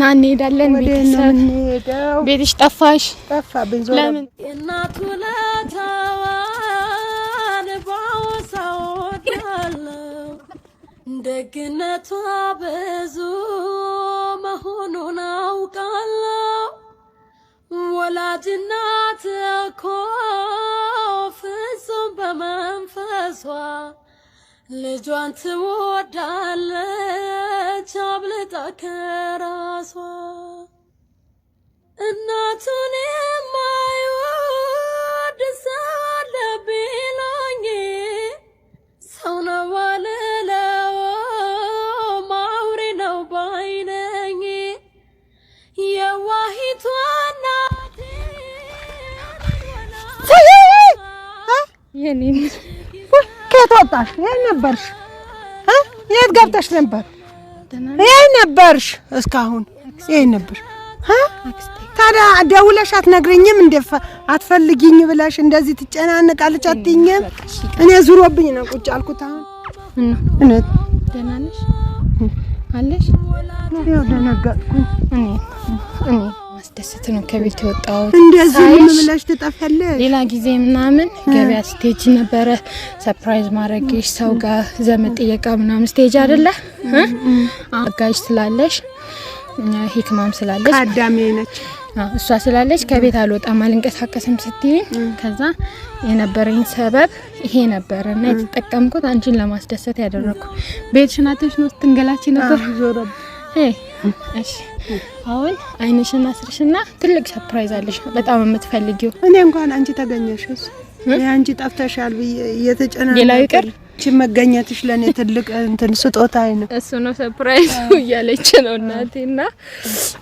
እና እንሄዳለን። ቤትሽ ጠፋሽ ደግነቷ ብዙ መሆኑን አውቃለው። ወላጅናት እኮ ፍጹም በመንፈሷ ልጇን ትወዳለች አብልጣ ከራሷ እናቱን የማይወድ ሰው አለ ቢሎኝ ሰው ነው አልለው ማውሬ ነው ባይነኝ የዋሂቷ እናቴ ወጣሽ? የት ነበርሽ? የት ገብተሽ ነበር? የት ነበርሽ? እስካሁን የት ነበርሽ? ታዲያ ደውለሽ አትነግረኝም? እንደ አትፈልጊኝ ብለሽ እንደዚህ ትጨናነቃለች። አትይኝም? እኔ ዙሮብኝ ነው ቁጭ አልኩት። አሁን ደህና ነሽ አለሽ? ያው ደነገጥኩኝ እኔ እኔ ልደሰት ነው ከቤት የወጣሁት። እንደዚህ ምን ብለሽ ሌላ ጊዜ ምናምን ገበያ ስቴጅ ነበረ ሰርፕራይዝ ማድረግሽ ሰው ጋር ዘመድ ጥየቃ ምናምን ስቴጅ አይደለ አጋዥ ስላለሽ ሂክማም ስላለሽ አዳሜ ነች እሷ ስላለች ከቤት አልወጣም አልንቀሳቀስም ስትይኝ ከዛ የነበረኝ ሰበብ ይሄ ነበረ እና የተጠቀምኩት አንቺን ለማስደሰት ያደረኩ ቤትሽናትሽ ነው ስትንገላች ነበር። ዞረብ እሺ አሁን አይንሽን አስርሽና ትልቅ ሰርፕራይዝ አለሽ፣ በጣም የምትፈልጊው። እኔ እንኳን አንቺ ተገኘሽ አንቺ ጠፍተሻል ብዬ እየተጨናነኩ ሌላው ይቅር አንቺ መገኘትሽ ለእኔ ትልቅ እንትን ስጦታዬ ነው። እሱ ነው ሰርፕራይዝ እያለች ነው እናቴና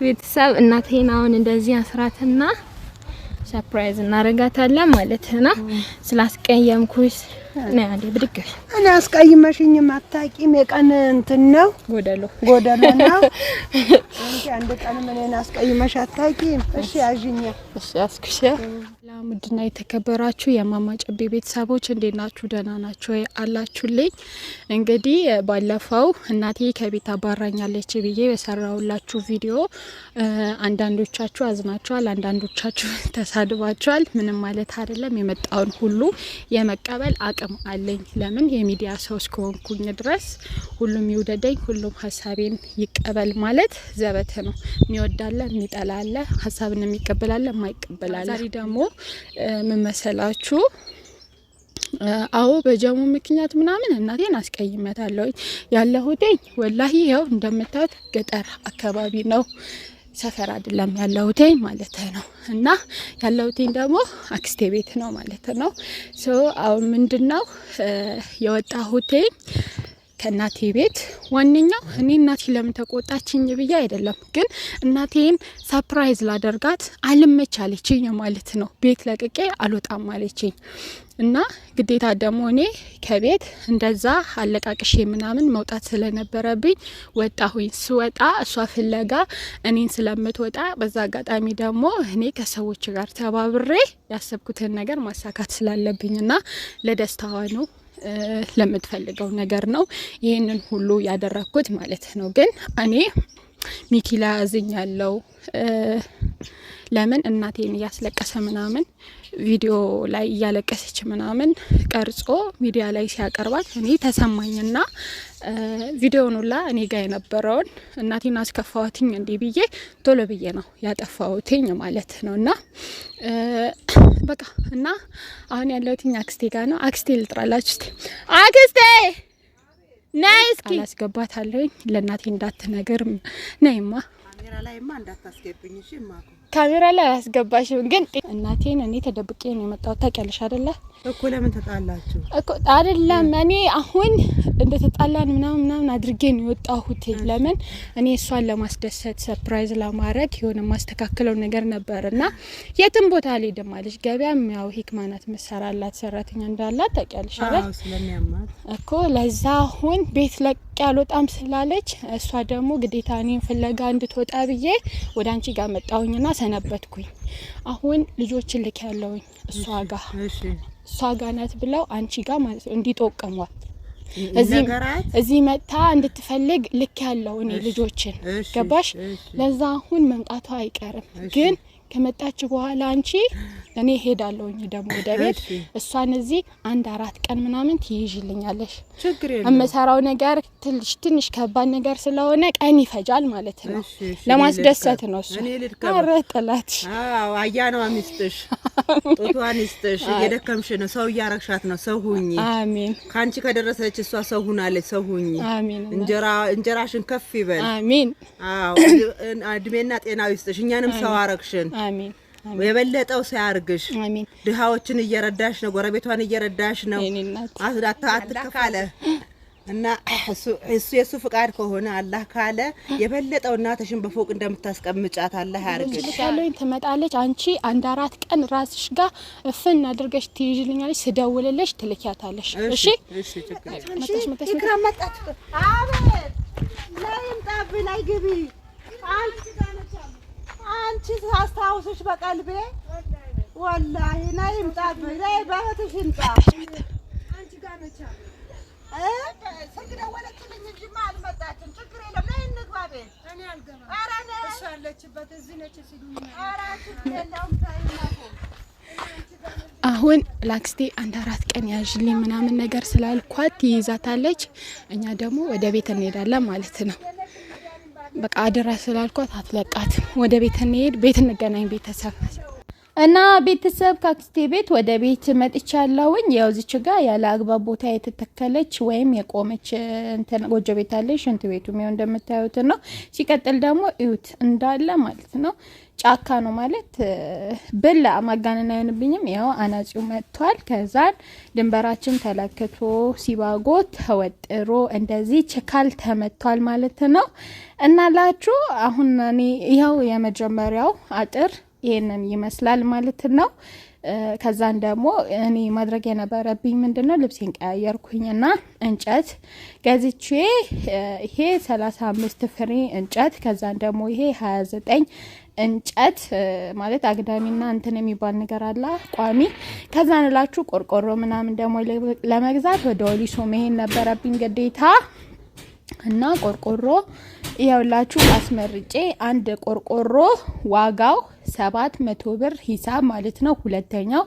ቤተሰብ እናቴን አሁን እንደዚህ አስራትና ሰርፕራይዝ እናደርጋታለን ማለት ነው። ስላስቀየምኩሽ ነው ያለ ብድግሽ እኔ አስቀይመሽኝም አታውቂም። የቀን እንትን ነው ጎደሎ ጎደሎ ነው። አንቺ አንድ ቀን እኔን አስቀይመሽ አታውቂም። እሺ ያዥኛ እሺ አስኩሽ ሰላም ውድና የተከበራችሁ የማማ ጨቤ ቤተሰቦች እንዴት ናችሁ? ደህና ናችሁ ወይ? አላችሁልኝ። እንግዲህ ባለፈው እናቴ ከቤት አባራኛለች ብዬ የሰራውላችሁ ቪዲዮ አንዳንዶቻችሁ አዝናችኋል፣ አንዳንዶቻችሁ ተሳድባችኋል። ምንም ማለት አይደለም። የመጣውን ሁሉ የመቀበል አቅም አለኝ። ለምን የሚዲያ ሰው እስከሆንኩኝ ድረስ ሁሉም ይውደደኝ፣ ሁሉም ሀሳቤን ይቀበል ማለት ዘበት ነው። የሚወዳለ፣ የሚጠላለ፣ ሀሳብን የሚቀበላለ፣ የማይቀበላለ ደግሞ ምን መሰላችሁ? አዎ በጀሙ ምክንያት ምናምን እናቴን አስቀይመታለሁ። ያለሁትኝ ወላሂ ያው እንደምታዩት ገጠር አካባቢ ነው ሰፈር አይደለም ያለሁትኝ ማለት ነው። እና ያለሁትኝ ደግሞ አክስቴ ቤት ነው ማለት ነው። ሶ አሁን ምንድን ነው የወጣሁትኝ ከእናቴ ቤት ዋነኛው እኔ እናቴ ለምን ተቆጣችኝ ብዬ አይደለም፣ ግን እናቴን ሰፕራይዝ ላደርጋት አልመች አለችኝ ማለት ነው። ቤት ለቅቄ አልወጣም አለችኝ እና ግዴታ ደግሞ እኔ ከቤት እንደዛ አለቃቅሼ ምናምን መውጣት ስለነበረብኝ ወጣሁኝ። ስወጣ እሷ ፍለጋ እኔን ስለምትወጣ በዛ አጋጣሚ ደግሞ እኔ ከሰዎች ጋር ተባብሬ ያሰብኩትን ነገር ማሳካት ስላለብኝ እና ለደስታዋ ነው ለምትፈልገው ነገር ነው ይህንን ሁሉ ያደረግኩት ማለት ነው። ግን እኔ ሚኪላ እዝኝ ያለው ለምን እናቴን እያስለቀሰ ምናምን ቪዲዮ ላይ እያለቀሰች ምናምን ቀርጾ ሚዲያ ላይ ሲያቀርባት እኔ ተሰማኝና ቪዲዮን ሁላ እኔ ጋር የነበረውን እናቴን አስከፋዋትኝ እንዲህ ብዬ ቶሎ ብዬ ነው ያጠፋውትኝ ማለት ነው። እና በቃ እና አሁን ያለሁትኝ አክስቴ ጋር ነው። አክስቴ ልጥራላችሁ። አክስቴ ነይ እስኪ አላስገባታለሁኝ። ለእናቴ እንዳትነግር ነይማ፣ ካሜራ ላይማ እንዳታስገብኝ እሺ። ካሜራ ላይ አያስገባሽም ግን እናቴን እኔ ተደብቄ ነው የመጣሁት። ታውቂያለሽ አይደለ እኮ ለምን ተጣላችሁ እኮ አይደለም። እኔ አሁን እንደተጣላን ምናምን ምናምን አድርጌ ነው የወጣሁት። ለምን እኔ እሷን ለማስደሰት ሰርፕራይዝ ለማድረግ የሆነ የማስተካክለው ነገር ነበር እና የትም ቦታ አልሄድም አለች። ገበያም ያው ሂክማ መሰራላት ሰራተኛ እንዳላት ታውቂያለሽ አይደል እኮ ለዛ አሁን ቤት ለቅ ያልወጣም ስላለች እሷ ደግሞ ግዴታ እኔን ፍለጋ እንድትወጣ ብዬ ወደ አንቺ ጋር መጣሁኝና ሰነበትኩኝ። አሁን ልጆችን ልክ ያለውኝ እሷ ጋ እሷ ጋ ናት ብለው አንቺ ጋ ማለት ነው እንዲጠቀሟት እዚህ መጥታ እንድትፈልግ ልክ ያለው እኔ ልጆችን ገባሽ። ለዛ አሁን መምጣቱ አይቀርም ግን ከመጣች በኋላ አንቺ እኔ ሄዳለሁኝ ደግሞ ወደ ቤት እሷን እዚህ አንድ አራት ቀን ምናምን ትይዥልኛለሽ። እምሰራው ነገር ትንሽ ትንሽ ከባድ ነገር ስለሆነ ቀን ይፈጃል ማለት ነው። ለማስደሰት ነው እሱ። ኧረ ጥላት አያነዋ ሚስጥሽ ጡቷን ይስጥሽ። እየደከምሽ ነው፣ ሰው እያረግሻት ነው። ሰው ሁኚ። አሜን። ከአንቺ ከደረሰች እሷ ሰው ሁናለች። ሰው ሁኚ። እንጀራሽን ከፍ ይበል። አሜን። እድሜና ጤናዊ ይስጥሽ። እኛንም ሰው አረግሽን። አሜን። የበለጠው ሲያርግሽ ድሃዎችን እየረዳሽ ነው። ጎረቤቷን እየረዳሽ ነው። አትካለ እና እሱ የእሱ ፍቃድ ከሆነ አላህ ካለ የበለጠው እናትሽን በፎቅ እንደምታስቀምጫት አላህ ያርግልሻለኝ። ትመጣለች። አንቺ አንድ አራት ቀን ራስሽ ጋር እፍን አድርገሽ ትይዥልኛለች። ስደውልልሽ ትልኪያታለሽ። እሺ ላይ ግቢ አንቺ አስታውስሽ በቀልቤ ወላሂ ነይ ይምጣብኝ ላይ በእህትሽ ይምጣ ስልክ ደወለችልኝ እንጂማ አልመጣችም። ችግር የለም ነይ እኔ አልገባም። ኧረ አለችበት እዚህ ነች ሲሉኝ ኧረ ችግር የለውም አሁን ላክስቴ አንድ አራት ቀን ያዥልኝ ምናምን ነገር ስላልኳት ይይዛታለች። እኛ ደግሞ ወደ ቤት እንሄዳለን ማለት ነው። በቃ አድራ ስላልኳት አትለቃትም። ወደ ቤት እንሄድ፣ ቤት እንገናኝ ቤተሰብ እና ቤተሰብ ከአክስቴ ቤት ወደ ቤት መጥቻለሁኝ። ያው እዚች ጋ ያለ አግባብ ቦታ የተተከለች ወይም የቆመች ጎጆ ቤት አለ። ሽንት ቤቱ ይኸው እንደምታዩት ነው። ሲቀጥል ደግሞ እዩት እንዳለ ማለት ነው ጫካ ነው ማለት ብላ ማጋነን አይንብኝም። ያው አናጺው መጥቷል። ከዛን ድንበራችን ተለክቶ ሲባጎ ተወጥሮ እንደዚህ ችካል ተመቷል ማለት ነው። እና ላችሁ አሁን እኔ ይኸው የመጀመሪያው አጥር ይሄንን ይመስላል ማለት ነው። ከዛን ደግሞ እኔ ማድረግ የነበረብኝ ምንድን ነው ልብሴን ቀያየርኩኝና እንጨት ገዝቼ ይሄ ሰላሳ አምስት ፍሬ እንጨት ከዛን ደግሞ ይሄ ሀያ ዘጠኝ እንጨት ማለት አግዳሚና እንትን የሚባል ነገር አለ ቋሚ። ከዛ ንላችሁ ቆርቆሮ ምናምን ደግሞ ለመግዛት ወደ ወሊሶ መሄድ ነበረብኝ ግዴታ እና ቆርቆሮ ያውላችሁ አስመርጬ አንድ ቆርቆሮ ዋጋው ሰባት መቶ ብር ሂሳብ ማለት ነው። ሁለተኛው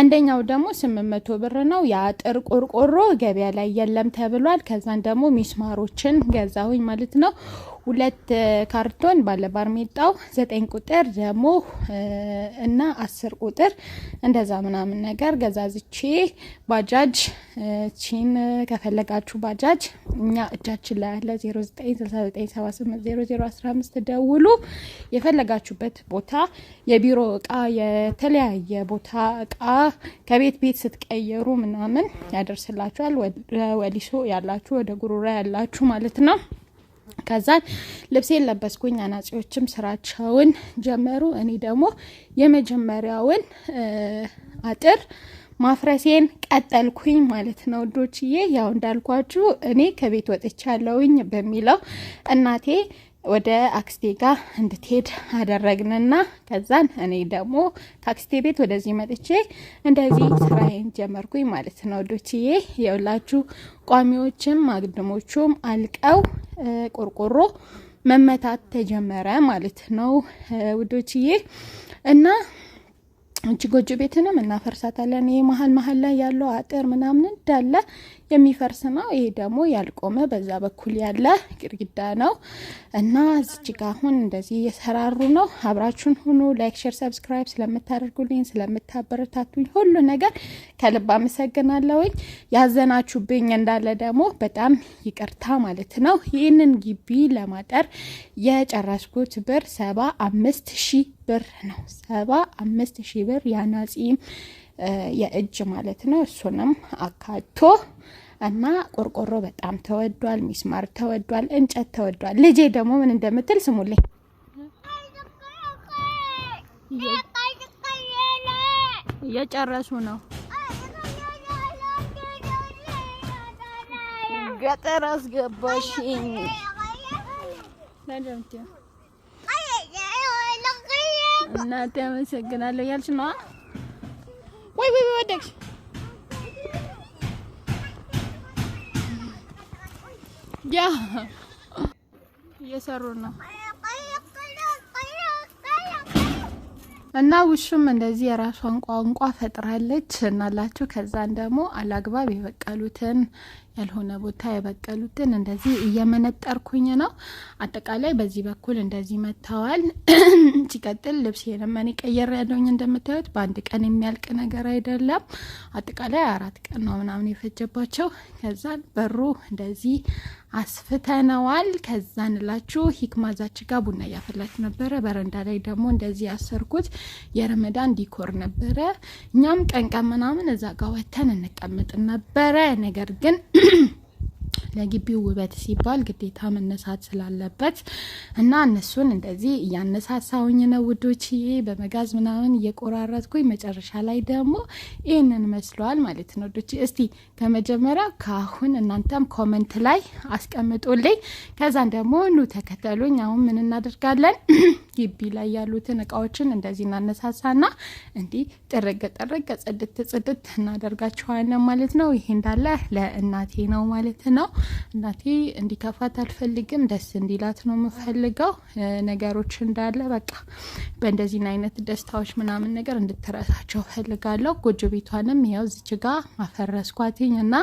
አንደኛው ደግሞ ስምንት መቶ ብር ነው። የአጥር ቆርቆሮ ገበያ ላይ የለም ተብሏል። ከዛን ደግሞ ሚስማሮችን ገዛሁኝ ማለት ነው። ሁለት ካርቶን ባርሜጣው ዘጠኝ ቁጥር ደግሞ እና አስር ቁጥር እንደዛ ምናምን ነገር ገዛዝቼ ባጃጅ ቺን ከፈለጋችሁ ባጃጅ እኛ እጃችን ላይ ያለ 0969780015 ደውሉ። የፈለጋችሁበት ቦታ የቢሮ እቃ፣ የተለያየ ቦታ እቃ ከቤት ቤት ስትቀየሩ ምናምን ያደርስላችኋል። ወደ ወሊሶ ያላችሁ፣ ወደ ጉሩራ ያላችሁ ማለት ነው። ከዛን ልብሴን ለበስኩኝ። አናጺዎችም ስራቸውን ጀመሩ። እኔ ደግሞ የመጀመሪያውን አጥር ማፍረሴን ቀጠልኩኝ ማለት ነው ዶችዬ ያው እንዳልኳችሁ እኔ ከቤት ወጥቻለሁኝ በሚለው እናቴ ወደ አክስቴ ጋር እንድትሄድ አደረግንና ከዛን እኔ ደግሞ ከአክስቴ ቤት ወደዚህ መጥቼ እንደዚህ ስራዬን ጀመርኩኝ ማለት ነው። ዶችዬ የሁላችሁ ቋሚዎችም አግድሞቹም አልቀው ቆርቆሮ መመታት ተጀመረ ማለት ነው ውዶችዬ እና እጅ ጎጆ ቤትንም እናፈርሳታለን። ይህ መሀል መሀል ላይ ያለው አጥር ምናምን እንዳለ የሚፈርስ ነው። ይሄ ደግሞ ያልቆመ በዛ በኩል ያለ ግድግዳ ነው እና እዚች ጋ አሁን እንደዚህ እየሰራሩ ነው። አብራችሁን ሁኑ። ላይክ፣ ሼር፣ ሰብስክራይብ ስለምታደርጉልኝ ስለምታበረታቱኝ ሁሉ ነገር ከልብ አመሰግናለሁኝ። ያዘናችሁብኝ እንዳለ ደግሞ በጣም ይቅርታ ማለት ነው። ይህንን ግቢ ለማጠር የጨረስኩት ብር ሰባ አምስት ሺህ ብር ነው። ሰባ አምስት ሺህ ብር ያናጺም የእጅ ማለት ነው። እሱንም አካቶ እና ቆርቆሮ በጣም ተወዷል። ሚስማር ተወዷል። እንጨት ተወዷል። ልጄ ደግሞ ምን እንደምትል ስሙልኝ። እየጨረሱ ነው። ገጠር አስገባሽኝ። እናቴ አመሰግናለሁ ያልሽ ነዋ ወይ ወይ ወደቅሽ። ያ እየሰሩ ነው። እና ውሹም እንደዚህ የራሷን ቋንቋ ፈጥራለች እናላችሁ። ከዛን ደግሞ አላግባብ የበቀሉትን ያልሆነ ቦታ የበቀሉትን እንደዚህ እየመነጠርኩኝ ነው። አጠቃላይ በዚህ በኩል እንደዚህ መጥተዋል። ሲቀጥል ልብስ የለመን ቀየር ያለውኝ እንደምታዩት በአንድ ቀን የሚያልቅ ነገር አይደለም። አጠቃላይ አራት ቀን ነው ምናምን የፈጀባቸው። ከዛን በሩ እንደዚህ አስፍተነዋል። ከዛ እንላችሁ ሂክማ ዛች ጋር ቡና እያፈላችሁ ነበረ። በረንዳ ላይ ደግሞ እንደዚህ ያሰርኩት የረመዳን ዲኮር ነበረ። እኛም ቀንቀን ምናምን እዛ ጋር ወተን እንቀምጥ ነበረ ነገር ግን ለግቢው ውበት ሲባል ግዴታ መነሳት ስላለበት እና እነሱን እንደዚህ እያነሳሳውኝ ነው ውዶች፣ በመጋዝ ምናምን እየቆራረጥኩኝ መጨረሻ ላይ ደግሞ ይህንን መስሏል ማለት ነው ዶች እስቲ ከመጀመሪያ ከአሁን እናንተም ኮመንት ላይ አስቀምጡልኝ። ከዛን ደግሞ ኑ ተከተሉኝ። አሁን ምን እናደርጋለን? ግቢ ላይ ያሉትን እቃዎችን እንደዚህ እናነሳሳና እንዲህ ጥርግ ጥርግ ጽድት ጽድት እናደርጋችኋለን ማለት ነው። ይሄ እንዳለ ለእናቴ ነው ማለት ነው። እናቴ እንዲከፋት አልፈልግም። ደስ እንዲላት ነው የምፈልገው ነገሮች እንዳለ በቃ በእንደዚህን አይነት ደስታዎች ምናምን ነገር እንድትረሳቸው ፈልጋለሁ። ጎጆ ቤቷንም ያው ዝች ጋ ማፈረስኳትኝ እና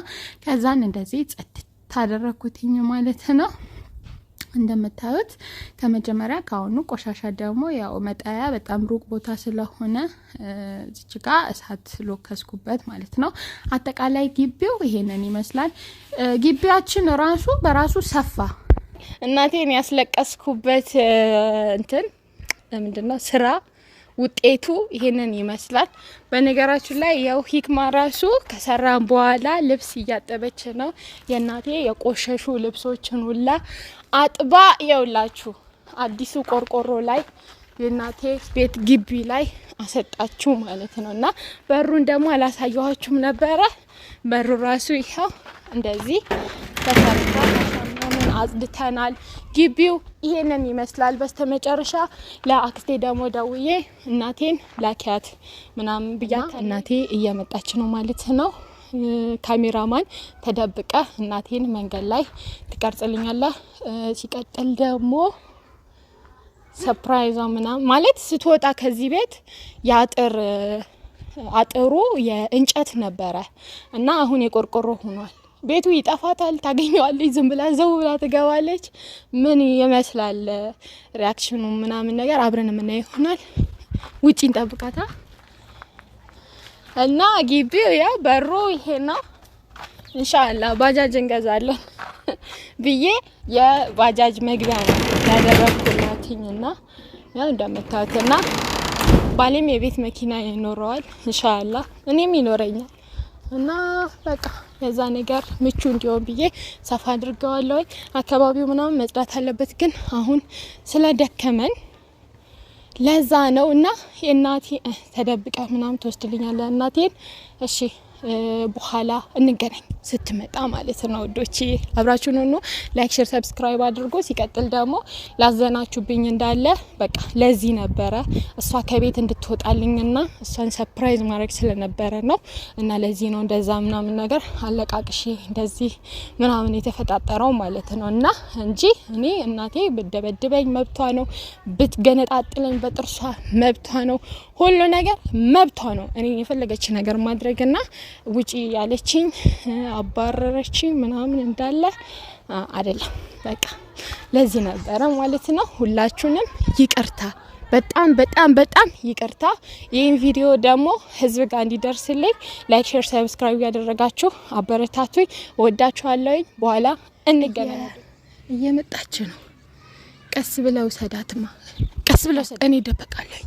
ከዛን እንደዚህ ጸድት ታደረግኩትኝ ማለት ነው። እንደምታዩት ከመጀመሪያ ከአሁኑ ቆሻሻ ደግሞ ያው መጣያ በጣም ሩቅ ቦታ ስለሆነ እዚች ጋ እሳት ሎከስኩበት ማለት ነው። አጠቃላይ ግቢው ይሄንን ይመስላል። ግቢያችን ራሱ በራሱ ሰፋ እናቴን ያስለቀስኩበት እንትን ምንድን ስራ ውጤቱ ይህንን ይመስላል። በነገራችን ላይ ያው ሂክማ ራሱ ከሰራን በኋላ ልብስ እያጠበች ነው። የእናቴ የቆሸሹ ልብሶችን ሁላ አጥባ የውላችሁ አዲሱ ቆርቆሮ ላይ የእናቴ ቤት ግቢ ላይ አሰጣችሁ ማለት ነው። እና በሩን ደግሞ አላሳየኋችሁም ነበረ። በሩ ራሱ ይኸው እንደዚህ ተሰርቷል። አጽድተናል። ግቢው ይሄንን ይመስላል። በስተመጨረሻ ለአክስቴ ደግሞ ደውዬ እናቴን ላኪያት ምናምን ብያት እናቴ እየመጣች ነው ማለት ነው። ካሜራማን ተደብቀ እናቴን መንገድ ላይ ትቀርጽልኛለህ። ሲቀጥል ደግሞ ሰፕራይዟ ምናምን ማለት ስትወጣ ከዚህ ቤት የአጥር አጥሩ የእንጨት ነበረ እና አሁን የቆርቆሮ ሆኗል። ቤቱ ይጠፋታል። ታገኘዋለች፣ ዝም ብላ ዘው ብላ ትገባለች። ምን ይመስላል ሪያክሽኑ ምናምን ነገር አብረን የምና ይሆናል። ውጭ እንጠብቃታ እና ግቢው ያ በሮ ይሄ ነው። እንሻላ ባጃጅ እንገዛለን ብዬ የባጃጅ መግቢያ ነው ያደረግኩላትኝ እና ያው እና ባሌም የቤት መኪና ይኖረዋል እንሻላ እኔም ይኖረኛል እና በቃ ለዛ ነገር ምቹ እንዲሆን ብዬ ሰፋ አድርገዋለሁ። አካባቢው ምናምን መጽዳት አለበት፣ ግን አሁን ስለደከመን ለዛ ነው እና የእናቴ ተደብቀ ምናምን ትወስድልኛለ እናቴን እሺ በኋላ እንገናኝ ስትመጣ ማለት ነው። ወዶች አብራችሁን ሁኑ። ላይክ፣ ሼር፣ ሰብስክራይብ አድርጎ ሲቀጥል ደግሞ ላዘናችሁብኝ እንዳለ በቃ ለዚህ ነበረ እሷ ከቤት እንድትወጣልኝና እሷን ሰፕራይዝ ማድረግ ስለነበረ ነው እና ለዚህ ነው እንደዛ ምናምን ነገር አለቃቅሼ እንደዚህ ምናምን የተፈጣጠረው ማለት ነው እና እንጂ እኔ እናቴ ብደበድበኝ መብቷ ነው፣ ብትገነጣጥለኝ በጥርሷ መብቷ ነው፣ ሁሉ ነገር መብቷ ነው። እኔ የፈለገች ነገር ማድረግና ውጪ ያለችኝ አባረረችኝ ምናምን እንዳለ አይደለም። በቃ ለዚህ ነበረ ማለት ነው። ሁላችሁንም ይቅርታ በጣም በጣም በጣም ይቅርታ። ይህን ቪዲዮ ደግሞ ህዝብ ጋር እንዲደርስልኝ ላይክ፣ ሼር፣ ሰብስክራይብ እያደረጋችሁ አበረታቱኝ። ወዳችኋለሁኝ። በኋላ እንገናኝ። እየመጣች ነው። ቀስ ብለው ሰዳትማ፣ ቀስ ብለው ሰዳት። እኔ ደበቃለሁ።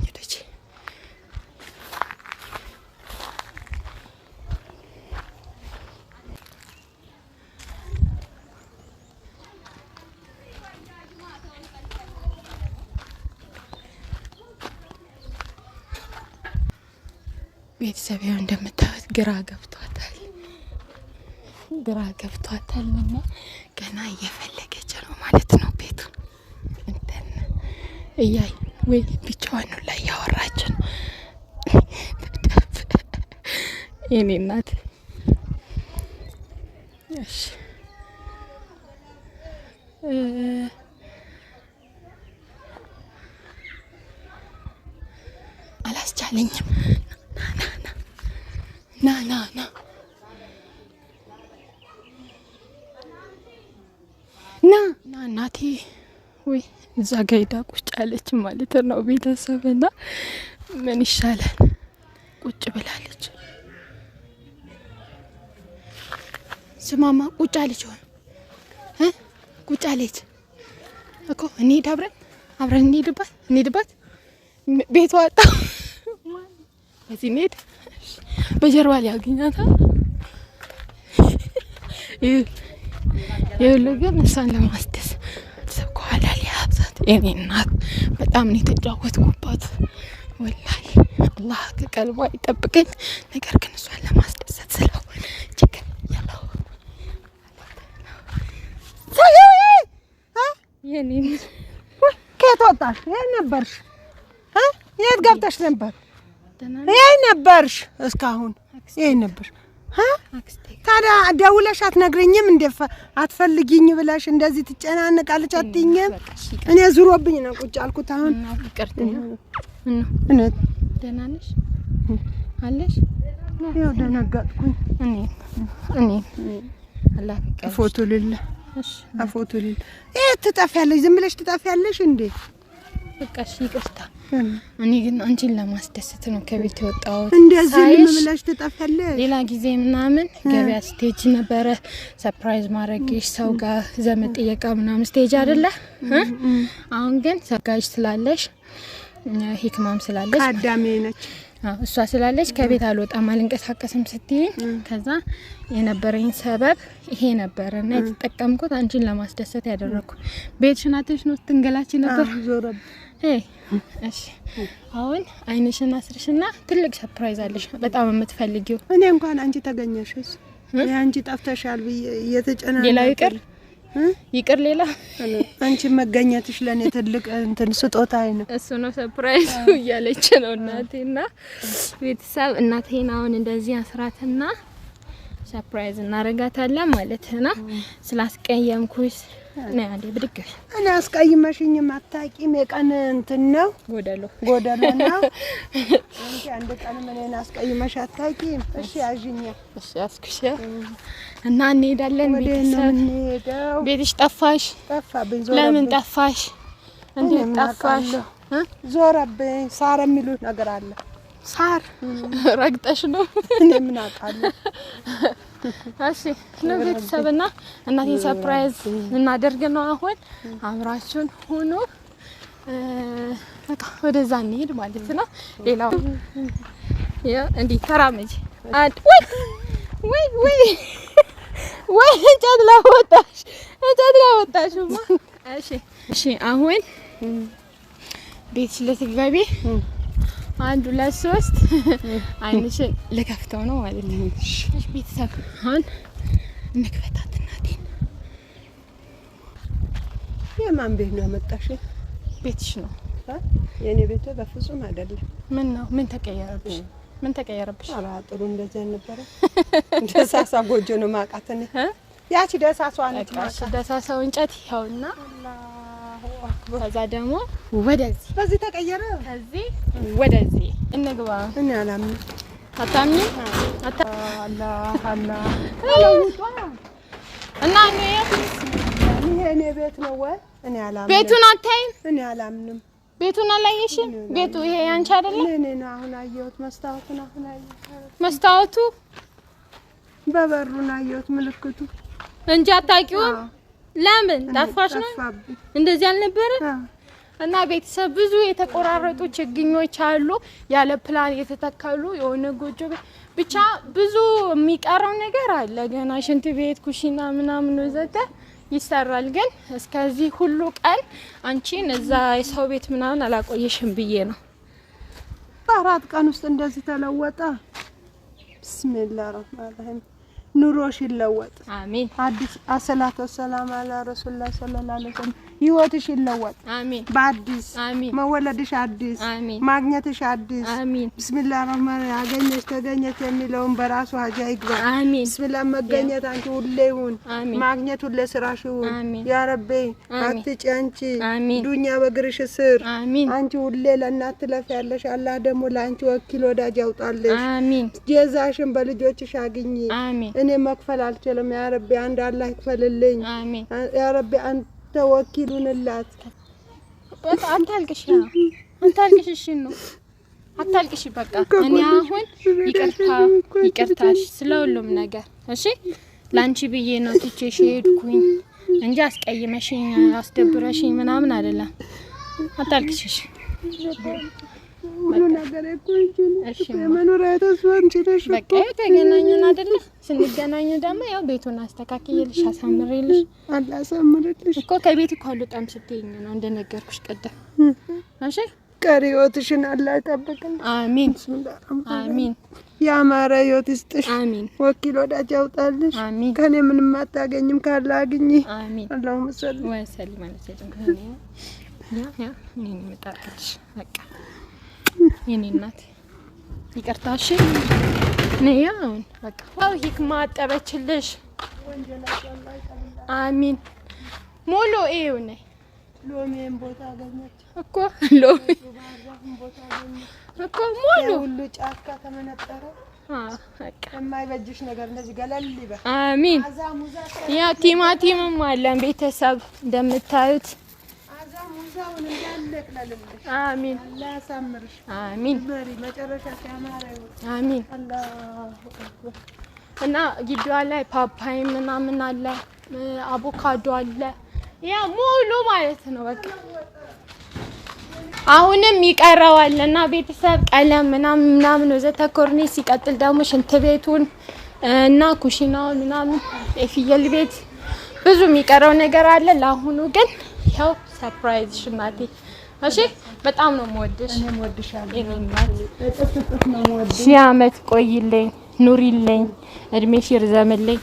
ቤተሰብ ያው እንደምታዩት ግራ ገብቷታል፣ ግራ ገብቷታል እና ገና እየፈለገች ነው ማለት ነው ቤቱ እንደነ እያይ ወይ ብቻዋን ላይ እያወራች ነው። የኔ እናት እዛ ጋ ሄዳ ቁጭ አለች ማለት ነው። ቤተሰብ ና ምን ይሻላል ቁጭ ብላለች። ስማማ ቁጭ አለች ሆነ ቁጭ አለች እኮ እንሂድ፣ አብረን አብረን እንሂድባት እንሂድባት ቤቷ ወጣ በዚህ እንሂድ በጀርባ ላይ ያገኛታል። ይህ ግን እሷን ለማስደስ ናት የኔ እናት። በጣም ነው የተጫወትኩባት። ወላይ አላህ ከቀልቧ ይጠብቀኝ። ነገር ግን እሷን ለማስደሰት ስለው ችግር ያለው ከየት ወጣሽ? የት ነበርሽ? የት ገብተሽ ነበር? የት ነበርሽ? እስካሁን የት ነበርሽ? ታዲያ ደውለሽ አትነግረኝም? እንደ አትፈልጊኝ ብለሽ እንደዚህ ትጨናነቃለች አትይኝም? እኔ ዙሮብኝ ነው ቁጭ አልኩት። አሁን ደህና ነሽ አለሽ? ያው ደነገጥኩኝ። ፎቶ ልል አፎቶ ልል ትጠፊያለሽ፣ ዝም ብለሽ ትጠፊያለሽ እንዴ? በቃ ይቅርታ እኔ ግን አንቺን ለማስደሰት ነው ከቤት የወጣሁት። እንደዚህ ብለሽ ትጠፊያለሽ። ሌላ ጊዜ ምናምን ገበያ ስቴጅ ነበረ ሰርፕራይዝ ማድረግሽ ሰው ጋር ዘመድ ጥየቃ ምናምን ስቴጅ አይደለ። አሁን ግን ሰጋጅ ስላለሽ ሂክማም ስላለች ቀዳሜ ነች እሷ ስላለች ከቤት አልወጣም አልንቀሳቀስም ስትይኝ፣ ከዛ የነበረኝ ሰበብ ይሄ ነበረ እና የተጠቀምኩት አንቺን ለማስደሰት ያደረግኩ ቤት ሽናቶች ነው ስትንገላች ነበር። አሁን አይንሽን አስርሽና ትልቅ ሰርፕራይዝ አለሽ፣ በጣም የምትፈልጊው። እኔ እንኳን አንቺ ተገኘሽ አንቺ ጠፍተሻል ብዬ እየተጨናነኩ ሌላው ይቅር ይቅር ሌላ አንቺ መገኘትሽ ለእኔ ትልቅ እንትን ስጦታ ነው። እሱ ነው ሰርፕራይዝ እያለች ነው እናቴና ቤተሰብ እናቴን አሁን እንደዚህ አስራትና ሰርፕራይዝ እናረጋታለን ማለት ነው። ስላስቀየምኩሽ ነው ያለ ብድግ እኔ አስቀይመሽኝ አታውቂም። የቀን እንትን ነው ጎደሎ ጎደሎ ነው። አንቺ አንድ ቀን ምን አስቀይመሽ አታውቂም። እሺ ያዥኝ፣ እሺ አስኩሽ እና እንሄዳለን። ቤተሰብ ቤትሽ ጠፋሽ፣ ጠፋብኝ። ለምን ጠፋሽ? እንዴት ጠፋሽ? ዞረብኝ። የሚሉት ነገር አለ ሳር ረግጠሽ ነው። እኔ ምን አውቃለሁ። እሺ ነው ቤተሰብና እናቴን ሰርፕራይዝ እናደርግ ነው አሁን። አብራችሁን ሆኖ በቃ ወደዛ እንሄድ ማለት ነው። ሌላው እንዲህ ተራመጂ። ወይ ወይ ወይ እንጨት ላወጣሽ፣ እንጨት ላወጣሽ። እሺ እሺ አሁን ቤት ስለትገቢ አንድ ሁለት ሶስት አይንሽን ልከፍተው ነው ማለት ነው። እሺ ቤተሰብ አሁን እንክፈታት። እናቴን የማን ቤት ነው ያመጣሽ? ቤትሽ ነው። የእኔ ቤት በፍጹም አይደለም። ምን ነው? ምን ተቀየረብሽ? ምን ተቀየረብሽ? ኧረ ጥሩ እንደዚያ ነበረ። ደሳሳ ጎጆ ነው ማቃተን ያቺ ደሳሳው አንቺ ደሳሳው እንጨት ይኸውና ከዛ ደግሞ ወደዚህ በዚህ ተቀየረ። ከዚህ ወደዚህ እንግባ። እኔ አላምንም። አታምኚም? እና እኔ ቤት ነው ወይ? እኔ አላምንም። ቤቱን አታይም? እኔ አላምንም። ቤቱን አላየሽም? ቤቱ ይሄ ያንቺ አይደለም? እኔ ነው አሁን አየሁት። መስታወቱን አሁን አየሁት። መስታወቱ በበሩን አየሁት ምልክቱ እንጂ አታውቂውም ለምን ጠፋሽ ነው እንደዚህ አልነበረ እና ቤተሰብ ብዙ የተቆራረጡ ችግኞች አሉ፣ ያለ ፕላን የተተከሉ የሆነ ጎጆ ብቻ ብዙ የሚቀረው ነገር አለ ገና ሽንት ቤት፣ ኩሽና ምናምን ወዘተ ይሰራል። ግን እስከዚህ ሁሉ ቀን አንቺን እዛ የሰው ቤት ምናምን አላቆየሽም ብዬ ነው። አራት ቀን ውስጥ እንደዚህ ተለወጠ። ብስሚላ ረህማን ረሂም ኑሮሽ ይለወጥ። አሚን። አዲስ አሰላቱ ሰላም አላ ረሱላ ሰለላሁ ዐለይሂ ወሰለም ህይወትሽ ይለወጥ። አሜን። በአዲስ አሜን። መወለድሽ አዲስ አሜን። ማግኘትሽ አዲስ አሜን። ቢስሚላህ ረህማን አገኘሽ ተገኘት የሚለውን በራሱ አጃ ይግባ። አሜን። ቢስሚላህ መገኘት አንቺ ሁሌ ይሁን፣ ማግኘት ሁሌ ስራሽ ይሁን። ያ ረቤ አትጪ አንቺ ዱንያ በግርሽ ስር አሜን። አንቺ ሁሌ ለእናት ትለፊያለሽ። አላህ ደግሞ ለአንቺ ወኪል ወዳጅ ያውጣለሽ። ጀዛሽን በልጆችሽ አግኝ። እኔ መክፈል አልችልም። ያ ረቤ አንድ አላህ ይክፈልልኝ። ያ ረቤ አንድ ተወኪሉንላት አንተ አልቅሽ አንተ እሺ ነው አታልቅሽ። በቃ እኔ አሁን ይቅርታ ይቅርታሽ ስለ ሁሉም ነገር እሺ። ላንቺ ብዬ ነው ትቼሽ ሄድኩኝ እንጂ አስቀይመሽኝ አስደብረሽኝ ምናምን አይደለም። አታልቅሽ ሁሉ ነገር እኮ የመኖሪያ ተስፋ እንጂ ነሽ በቃ የተገናኘን አይደለ? ስንገናኝ ደግሞ ያው ቤቱን አስተካክዬልሽ አሳምሬልሽ አላሳምርልሽ እኮ ከቤት እኮ አልወጣም ስትይኝ ነው እንደነገርኩሽ ቀደም። እሺ ቀሪ ህይወትሽን አላህ ይጠብቅልሽ። አሚን አሚን። ያማረ ህይወት ይስጥሽ። አሚን። ወኪል ወዳጅ ያውጣልሽ። አሚን። ከኔ ምንም አታገኝም፣ ካለ አግኝ። አሚን። አላሁም ሰል ወሰል ማለት ያ ያ እኔ ነው በቃ የኔ እናት ይቅርታ። እሺ ነያ በቃ አው ሂክማ አጠበችልሽ። አሚን ሙሉ ይኸው ነይ ሎሚን ቦታ አገኘች እኮ ሎሚ እኮ ሙሉ ሁሉ ጫካ ተመነጠረ። የማይበጅሽ ነገር እንደዚህ ገለል ይበል። አሚን። ቲማቲምም አለን ቤተሰብ እንደምታዩት አሚን አሚን አሚን። እና ግቢዋ ላይ ፓፓይ ምናምን አለ፣ አቮካዶ አለ፣ ያ ሙሉ ማለት ነው በቃ አሁንም ይቀረዋል እና ቤተሰብ ቀለም ምናምን ምናምን ወዘተ ኮርኔ ሲቀጥል ደግሞ ሽንት ቤቱን እና ኩሽናውን ምናምን የፍየል ቤት ብዙ የሚቀረው ነገር አለ። ለአሁኑ ግን ይኸው ሰርፕራይዝሽ እናቴ። እሺ በጣም ነው የምወድሽ። ሺህ ዓመት ቆይልኝ፣ ኑሪልኝ፣ እድሜሽ ይርዘምልኝ።